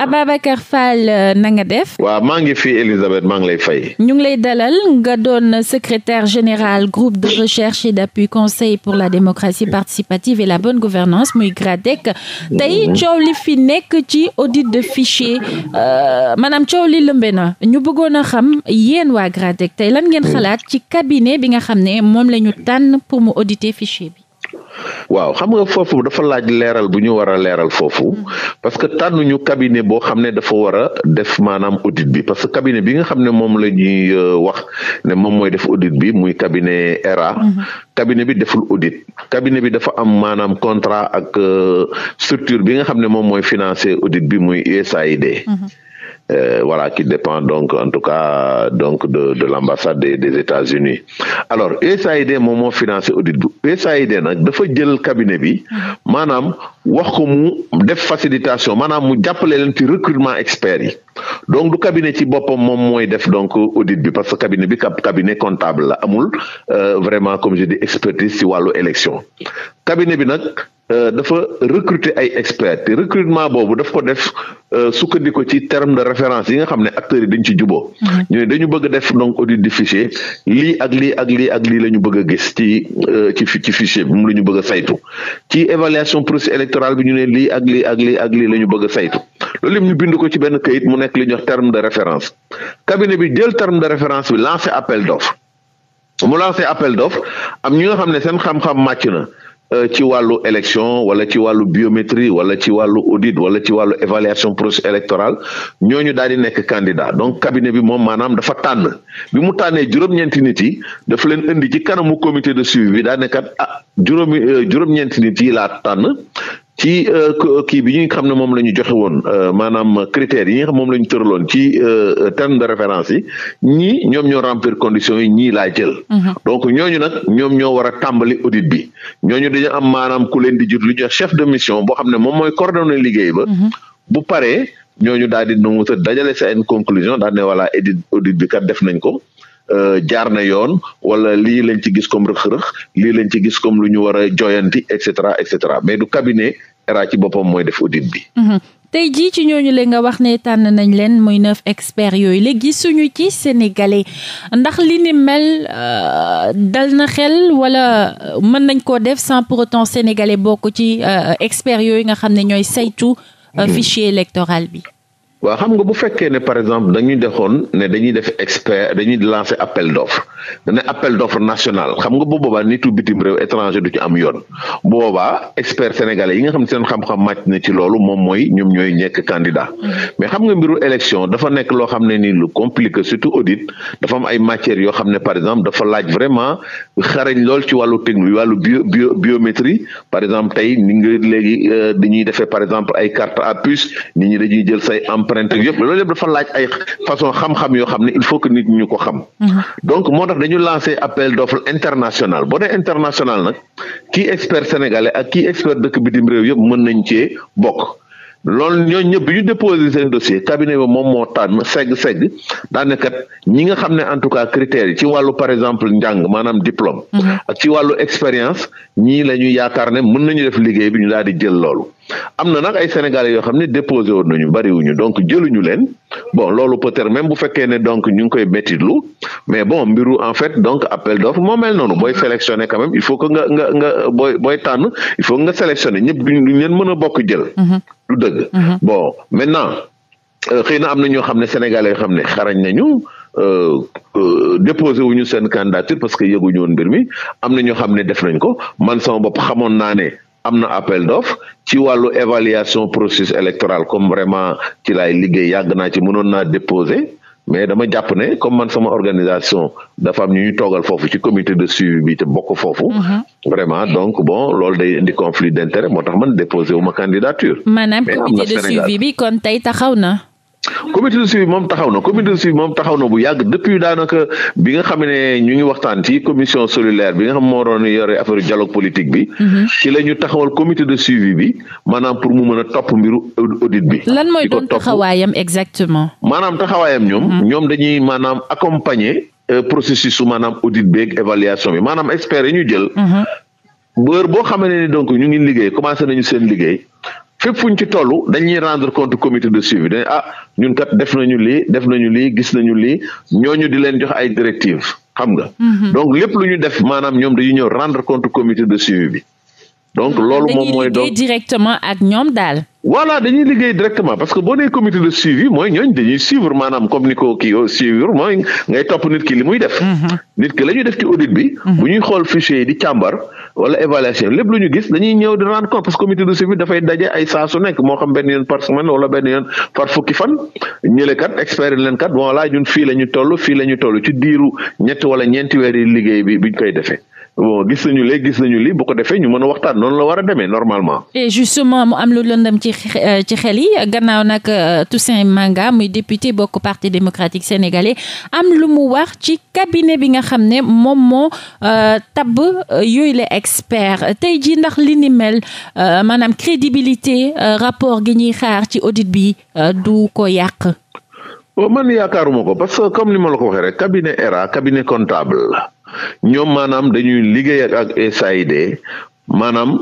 a Ababacar Fall euh, na nga def. waaw maa ngi fi Elisabeth maa ngi lay fay. ñu ngi lay dalal nga doon secretaire général groupe de recherche et d'appui conseil pour la démocratie participative et la bonne gouvernance muy GRADEC tey mhm. coow li fi nekk ci audit de fichier euh, maanaam coow li lëmbe na ñu bëggoon a xam yéen waa GRADEC tey lan ngeen mhm. xalaat ci cabinet bi nga xam ne moom la ñu tànn pour mu auditer fichier bi. waaw xam nga foofu dafa laaj leeral bu ñu war a leeral foofu parce que tànnuñu cabinet boo xam ne dafa war a def maanaam audit bi parce que cabinet bi nga xam ne moom la ñuy euh, wax ne moom mooy def audit bi muy cabinet ERA mm-hmm. cabinet bi deful audit cabinet bi dafa am maanaam contrat ak euh, structure bi nga xam ne moom mooy financer audit bi muy USAID. Mm-hmm. Euh, voilà, qui dépend donc, en tout cas, donc de, de l'ambassade des, des États-Unis. Alors, USAID moom moo financé audit bu USAID nag dafa jël cabinet bi mhm. maanaam wax ko mu def facilitation maanaam mu jàppale leen ci recrutement experts yi donc du cabinet ci boppam moom mooy def donc audit bi parce que cabinet bi cabinet comptable la amul euh, vraiment comme je dis expertise ci wàllu élection cabinet bi nag euh, dafa recruter ay experts te recrutement boobu daf ko def Euh, sukkandiku ci terme de référence yi nga xam ne acteurs yi dañ ci juboo mm-hmm. ñu ne dañu bëgg def donc audit du fichier lii ak lii ak lii ak lii la ñu bëgg a gis ci euh, ci ci fichier bi moom la ñu bëgg a saytu ci évaluation processus électoral bi ñu ne lii ak lii ak lii ak lii la ñu bëgg a saytu loolu ñu bind ko ci benn kayit mu nekk li ñuy terme de référence cabinet bi jël terme de référence bi lancé appel d'offre mu lancé appel d'offre am ñi nga xam ne seen xam-xam màcc na Euh, ci wàllu élection wala ci wàllu biométrie wala ci wàllu audit wala ci wàllu évaluation processus électoral ñooñu daal di nekk candidat donc cabinet bi moom maanaam dafa tànn bi mu tànnee juróom-ñeenti nit yi dafa leen indi ci kanamu comité de suivi bi daa nekkat ah juróomi euh, juróom-ñeenti nit yi laa tànn ci euh, kii bi nga xam ne moom la ñu joxe woon euh, maanaam critères yi nga xam moom la ñu tëraloon ci euh, terme de référence yi ñii ñoom ñoo remplir conditions yi ñii laa jël. Mhm. donc ñooñu nag ñoom ñoo war a tàmbali audit bi ñooñu dañu am maanaam ku leen di jur lu ñuy chef de mission boo xam ne moom mooy coordonné liggéey ba. Mhm. bu paree ñooñu daal di nangu te dajale seen conclusion daal ne voilà audit audit bi kat def nañ ko. jaar na yoon wala lii lañ ci gis comme rëx-rëx lii lañ ci gis comme lu ñu war a joyanti et cetera et cetera mais du cabinet ERA ci boppam mooy def audit bi. Mhm. tey jii ci ñooñu la nga wax ne tànn nañ leen mooy neuf experts yooyu léegi suñu ci sénégalais ndax li ni mel euh, dal na xel wala euh, mën nañ koo def sans pour autant sénégalais bokk ci euh, experts yooyu nga xam ne ñooy saytu mhm. fichier électoral bi. waa xam nga bu fekkee ne par exemple dañuy defoon ne dañuy def expert dañuy lancer appel d'offre ne appel d'offre national xam nga bu boobaa nitu bitim réew étranger du ci am yoon booba boobaa expert sénégalais yi nga xam ne seen xam-xam màcc na ci loolu moom mooy ñoom ñooy nekk candidat mm-hmm. mais xam nga mbiru élection dafa nekk loo xam ne nii lu compliqué surtout audit dafa am ay matières yoo xam ne par exemple dafa laaj vraiment xarañ lool ci wàllu technique wàllu bio bio biométrie par exemple tey ni nga léegi euh, dañuy defee par exemple ay carte à nit ñi dañuy jël say empreinte yëpp loolu yëpp dafa laaj ay façon xam-xam yoo xam ne il faut que nit ñu ko xam. Mhm. donc moo tax dañu lancé appel d'offre international boo dee international nag kii expert sénégalais ak kii expert dëkk bitim réew yëpp mën nañ cee bokk. loolu ñëpp bi ñu déposé seen dossier cabinet ba moom moo tànn segg segg daanekat ñi nga xam ne en tout yi ci wàllu par exemple njàng maanaam diplôme. Mhm. ak ci wàllu expérience ñii la ñu yaakaar ne mën nañu def liggéey bi ñu daal di am na nag ay sénégalais yoo xam ne déposé woon nañu bariwuñu donc jëluñu leen bon loolu peut-être même bu fekkee ne donc ñu ngi koy méttitlu mais bon mbiru en fait donc appel d'offre moo mel noonu booy sélectionné quand même il faut que nga nga nga booy booy tànn il faut que nga sélectionné ñëpp duñ leen mën a bokk jël. du mm-hmm. dëgg. Mm-hmm. bon maintenant euh, xëy na am na ñoo xam ne sénégalais yo xam ne xarañ nañu. Euh, euh, déposé wuñu seen candidature parce que yëguñu woon mbir mi am na ñoo xam ne def nañ ko man sama bopp xamoon naa ne am na appel d'offre ci wàllu évaluation processus électoral comme vraiment ci laay liggéey yàgg naa ci noon naa déposé mais dama jàpp ne comme man sama organisation dafa am ñu ñu toogal foofu ci comité de suivi bi te bokk foofu. Mhm. vraiment donc bon loolu day indi conflit d'intérêt moo tax man déposé wu ma candidature. maanaam comité de suivi bi kon tey taxaw na. comité de suivi moom taxaw na comité de suivi moom taxaw na bu yàgg depuis daanaka bi nga xam ne ñu ngi waxtaan ci commission cellulaire bi nga xam moo doon yore affaire dialogue politique bi. Mhm. ci la ñu taxawal comité de suivi bi maanaam pour mu mën a topp mbiru audit bi. lan mooy doon taxawaayam exactement. maanaam taxawaayam ñoom. Mhm. ñoom dañuy maanaam accompagner euh, processus su maanaam audit beeg évaluation bi maanaam experts yi ñu jël. Mhm. bu heure boo xamee ne donc ñu ngi liggéey commencé nañu seen liggéey. fépp fu ñu ci toll dañuy rendre compte comité de suivi dañ ah ñun kat def lii def nañu lii gis nañu lii ñooñu di leen jox ay directives xam nga. Mhm. donc lépp lu ñu def maanaam ñoom dañuy ñëw rendre compte comité de suivi bi. donc ah, loolu moom mooy donc dañuy liggéey directement ak ñoom daal. voilà dañuy liggéey directement parce que boo nee comité de suivi mooy ñooñ dañuy suivre maanaam comme ni ko kii euh, suivre mooy ngay topp nit ki li muy def. Mhm. nit ki la ñuy def ci audite bi. Mhm. bu ñuy xool fichier yi di càmbar. wala évaluation lépp lu ñu gis dañuy ñëw di rendre compte parce que comité de suivi dafay daje ay saa nekk moo xam benn yoon par semaine wala benn yoon par fukki fan ñële kat expert leen kat bon ñun fii la ñu toll fii la ñu toll ci diiru ñetti wala ñeenti weer yi liggéey bi biñ koy defee bon gis nañu léegi gis nañu li bu ko defee ñu mën a waxtaan noonu la war a demee normalement. et justement mu am lu lëndam ci euh, ci xel yi gannaaw nag euh, Toussaint Manga muy député bokk parti démocratique sénégalais am lu mu wax ci cabinet bi nga xam ne moom moo euh, tabb yooyu la expert tey jii ndax li ni mel maanaam crédibilité rapport gi ñuy xaar ci audit bi du ko yàq. man yaakaaruma ko parce que comme ni ma la ko waxee rek cabinet ERA cabinet comptable la ñoom maanaam dañuy liggéey ak ak USAID maanaam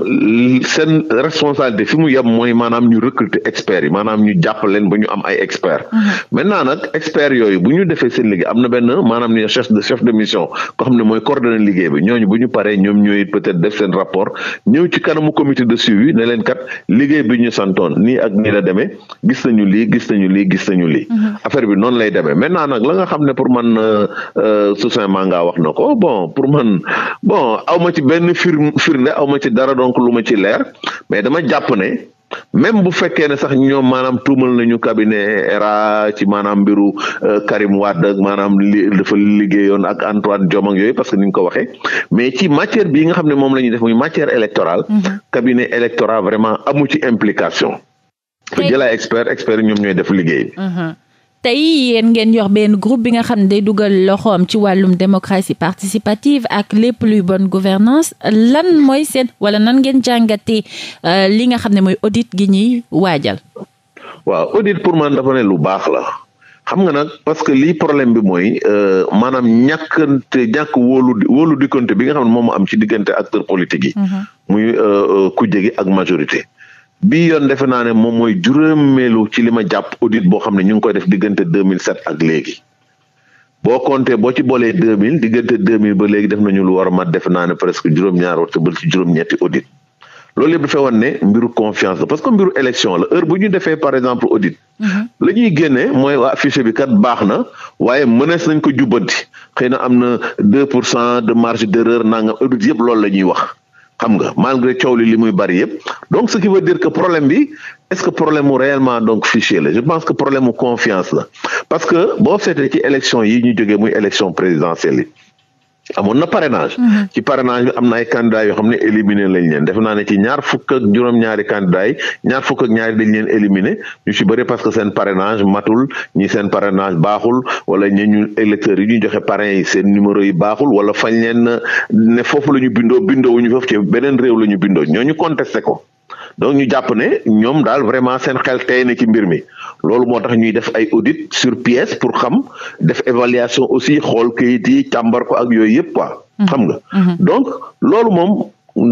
seen responsabilité fi mu yem mooy maanaam ñu recruter experts yi maanaam ñu jàpp leen ba ñu am ay experts. Mhm. maintenant nag experts yooyu bu ñu defee seen liggéey am na benn maanaam ñu chef de chef de mission ko xam ne mooy coordonné liggéey bi ñooñu bu ñu paree ñoom ñooy peut-être def seen rapport ñëw ci kanamu comité de suivi ne leen kat liggéey bi ñu santoon nii ak nii la demee gis nañu lii gis nañu lii gis nañu lii. Mhm. affaire bi noonu lay demee maintenant nag la nga xam ne pour man euh, Soussaint Manga wax na ko bon pour man bon aw ci benn ma ma ci dara donc lu ma ci leer mais dama jàpp ne même bu fekkee ne sax ñoom maanaam tuumal nañu cabinet ERA ci maanaam mbiru euh, Karim waat ak maanaam li dafa liggéeyoon ak Antoine Diome ak yooyu parce que ni ñu ko waxee mais ci matière bii nga xam ne moom la ñuy def muy matière électorale. Mm-hmm. cabinet électoral vraiment amu ci implication. te jëlaat expert expert ñoom ñooy def liggéey. tey yéen ngeen yor benn groupe bi nga xam ne day dugal loxoom ci wàllum démocratie participative ak lépp luy bon gouvernance lan mooy seet wala nan ngeen jàngatee euh, li nga xam ne mooy audite gi ñuy waajal. waaw audit pour man dafa ne lu baax la xam nga nag parce que lii problème bi mooy euh, maanaam ñàkkante ñàkk wóolu wóolu diggante bi nga xam ne moom am ci diggante acteur politique yi. Mm-hmm. muy euh, kujje gi ak majorité. bii yoon defe naa ne moom mooy juróomeelu ci li ma jàpp audit boo xam ne ñu ngi koy def diggante 2007 ak léegi boo compté boo ci boolee 2000 diggante 2000 ba léegi def nañu lu war a mat defe naa ne presque juróom-ñaar war tëbal ci juróom-ñetti audit loolu yëpp dafay wan ne mbiru confiance la parce que mbiru élection la heure bu ñu defee par exemple audit. Mhm. la ñuy génnee mooy waa fichier bi kat baax na waaye mënees nañ ko jubbanti xëy na am na 2 pour cent de marge d' erreur nangam audit yëpp loolu la ñuy wax. xam nga malgré coow li li muy bari yëpp donc ce qui veut dire que problème bi est-ce que problème mu réellement donc fichier la je pense que problème mu confiance la parce que boo seetee ci élection yi ñu jógee muy élection présidentielle yi amoon na parenage mm-hmm. ci parrainage bi am na ay candidats yoo xam ne éliminé lañ leen def naa ne ci ñaar fukk ak juróom-ñaari candidats ñaar fukk ak ñaari dañ leen éliminé ñu ci bëri parce que seen parrainage matul ñi seen parrainage baaxul wala ñi ñu électeurs yi ñu joxe parrain yi seen numéro yi baaxul wala fañ leen ne foofu la ñu bindoo bindoo wu ñu foofu ci beneen réew la ñu bindoo ñooñu contesté ko. donc ñu jàpp ne ñoom daal vraiment seen xel tey na ci mbir mi loolu moo tax ñuy def ay audit sur pièce pour xam def évaluation aussi xool kayit yi càmbar ko ak yooyu yëpp quoi. Mm-hmm. xam nga mm-hmm. donc loolu moom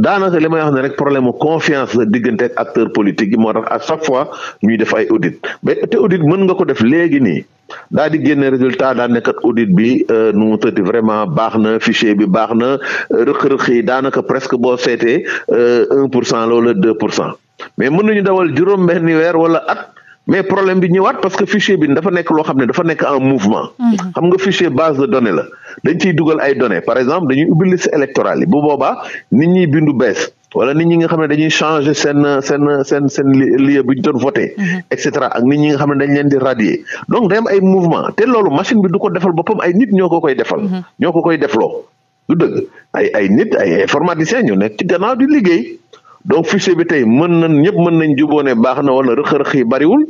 daanaka li may wax ne rek problème mu confiance la diggante ak acteur politique yi moo chaque fois ñuy def ay audit ba te audit mën nga ko def léegi nii daal di génne résultat daa nekkat audit bi euh, nu mu tëddi vraiment baax na fichier bi baax na rëq-rëq daanaka presque boo seetee euh, un pour cent la wala deux pour cent mais mën dawal juróom benni weer wala at mais problème bi ñëwaat parce que fichier bi dafa nekk loo xam ne dafa nekk en mouvement. Mhm. xam nga fichier base de données la dañ ciy dugal ay données par exemple dañuy ubbi liste électorale yi bu ñi bindu bees. wala nit ñi nga xam ne dañuy changer seen seen seen seen lieu bu ñu doon voté. Mhm. et cetera ak nit ñi nga xam ne dañ leen di radier donc day am ay mouvement te loolu machine bi du ko defal boppam ay nit ñoo ko koy defal. Mhm. ñoo ko koy defloo du dëgg ay ay nit ay informaticiens ñu nekk ci gannaaw di liggéey. donc fichier bi tey mën na ñëpp mën nañ juboo ne baax na wala rëq-rëq yi bariwul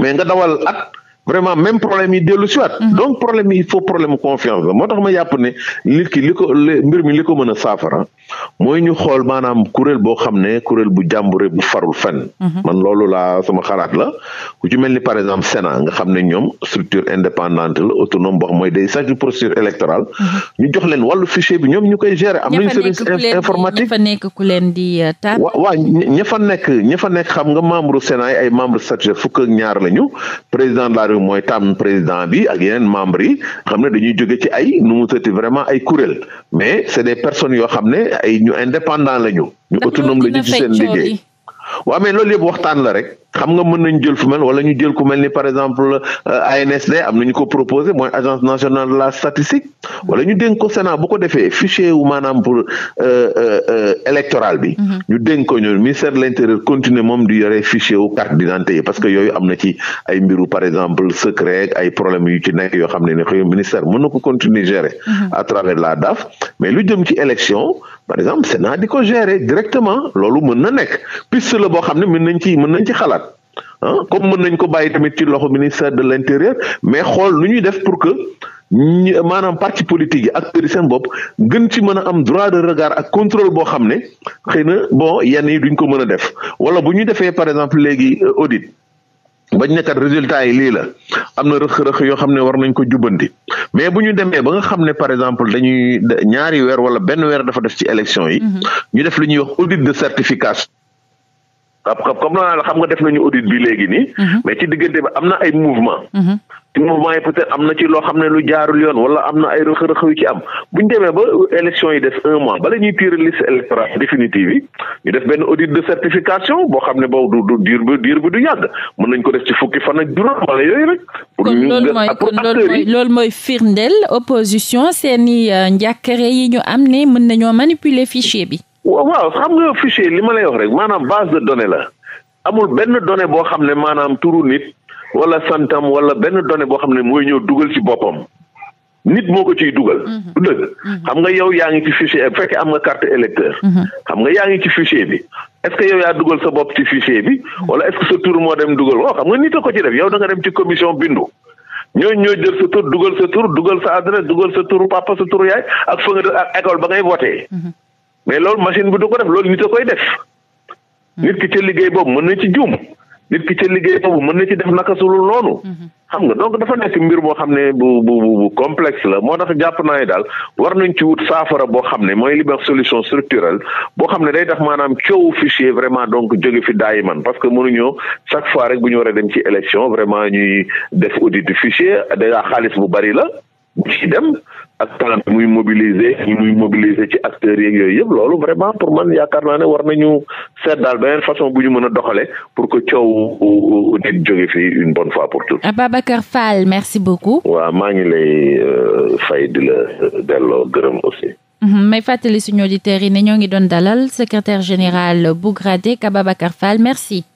mais nga dawal at vraiment même problème yi dellu siwaat mhm. donc problème yi il faut problème confiance la moo tax ma yàpp ne nit ki li ko mbir mi li ko mën a saafara mooy ñu xool maanaam kuréel boo xam ne kuréel bu jàmbure bu farul fenn mhm. man loolu laa sama xalaat la ku ci mel ni par exemple sena nga xam ne ñoom structure indépendante la autonome boo xam mooy day saju procédure électorale mhm. ñu jox leen wàllu fichier bi ñoom ñu koy gérer am nañu service informatique ña fa nekk ku leen di euh, taal waaw ña fa nekk ña fa nekk xam nga membre Sénat ay membre statutaire fukk ak ñaar lañu président de ñaar mooy tànn président bi ak yeneen membres yi xam ne dañuy jóge ci ay nu mu vraiment ay kuréel mais c'est des personnes yoo xam ne ay ñu indépendant lañu ñu autonome lañu ci seen liggéey waaw mais loolu yëpp waxtaan la rek xam nga mën nañ jël fu mel wala ñu jël ku mel ni par exemple euh, ANSD am nañu ko proposé mooy agence nationale de la statistique wala ñu dénk ko Sénat bu ko defee fichier wu maanaam pour euh, euh, électoral bi. Mm-hmm. ñu dénk ko ñun ministère de l' intérieur continuer moom di yore fichier wu carte d' identité yi parce que yooyu am na ci ay mbiru par exemple secret ay problème yu ci nekk yoo xam ne ne xëy ministère mën na ko continuer gérer. Mm-hmm. à travers la DAF mais lu jëm ci élection. par exemple Sénat di ko gérer directement loolu mën na nekk piste la boo xam ne mën nañ ci mën nañ ci xalaat ah comme mën nañ ko bàyyi tamit ci loxo ministère de l'intérieur mais xool lu ñuy def pour que maanaam parti politique yi ak yi seen bopp gën ci mën a am droit de regard ak contrôle boo xam ne xëy na bon yenn yi duñ ko mën a def wala bu ñu defee par exemple léegi euh, audit bañ nekkat résultat yi lii la am na rëq-rëq yoo xam ne war nañ ko jubbanti mais bu ñu demee ba nga xam ne par exemple dañuy ñaari weer wala benn weer dafa def ci élection yi. Mm-hmm. ñu def lu ñuy wax audit de certification. comme naa xam nga def nañu audit bi léegi nii. Mhm. mais ci diggante bi am na ay mouvement mhm. ci mouvement yi peut-être am na ci loo xam ne lu jaarul yoon wala am na ay rëq ci am bu demee ba élection yi des un mois bala ñuy tirer liste électorale définitive yi ñu def benn audit de certification boo xam ne boobu du du diir bi du yàgg mën nañ ko def ci fukki fan ak juróom wala yooyu rek. pour ñu pour acteurs yi kon loolu mooy firndeel opposition seen i euh, njàkkare yi bi. waaw xam nga fichier li ma lay wax rek maanaam base de données la amul benn done boo xam ne maanaam turu nit wala santam wala benn done boo xam ne mooy ñëw dugal ci boppam nit moo ko ciy dugal. Mhm. du mhm. xam nga yow yaa ngi ci fichier bu fekkee am nga carte électeur. Mhm. xam nga yaa ngi ci fichier bi est-ce que yaa dugal sa bopp ci fichier bi wala est sa tour moo dem dugal waaw oh, xam nga nit a ko ci def yow da nga dem ci commission bindu. ñooñu ñoo jël sa tur dugal sa tur dugal sa adresse dugal sa tur papa sa tur yaay ak fa nga école ba ngay voté. mais loolu machine bi du ko def loolu nit a koy def hmm. nit ki ca liggéey boobu mën na ci juum nit ki ca liggéey boobu mën na ci def naka sulul noonu hmm. xam nga donc dafa nekk mbir moo xam ne bu bu bu complexe la moo tax jàpp naa yi daal war nañ ci wut saafara boo xam ne mooy li solution structurelle boo xam ne day tax maanaam coow fichier vraiment donc jóge fi daayi man parce que mënuñoo chaque fois rek bu ñu war a dem ci élection vraiment ñuy def audit du fichier dèjà xaalis bu bari la ci dem askan bi muy mobiliser ci acteurs yooyu yëpp loolu vraiment pour man yaakaar naa ne war nañu seet daal beneen façon bu ñu mën a doxale pour que coow nit jóge fii une bonne fois pour toutes. Ababacar Fall merci beaucoup. waaw maa ngi lay euh, fay di la euh, delloo gërëm aussi. Mm-hmm. may fàttali suñu auditeurs yi ne ñoo ngi doon dalal secrétaire général bu GRADEC Ababacar merci.